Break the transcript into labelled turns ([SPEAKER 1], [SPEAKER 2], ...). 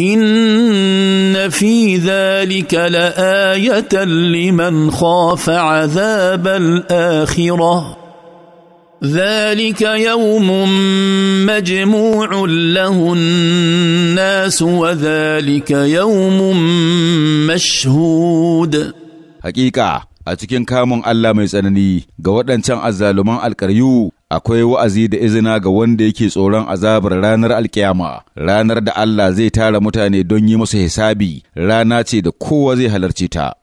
[SPEAKER 1] ان في ذلك لايه لمن خاف عذاب الاخره ذلك يوم مجموع له الناس
[SPEAKER 2] وذلك يوم مشهود حقيقه a cikin kamun Allah mai tsanani ga waɗancan azzaluman alƙaryu akwai wa'azi da izina ga wanda yake tsoron azabar ranar alkiyama, ranar da Allah zai tara mutane don yi musu hisabi, rana ce da kowa zai halarci ta.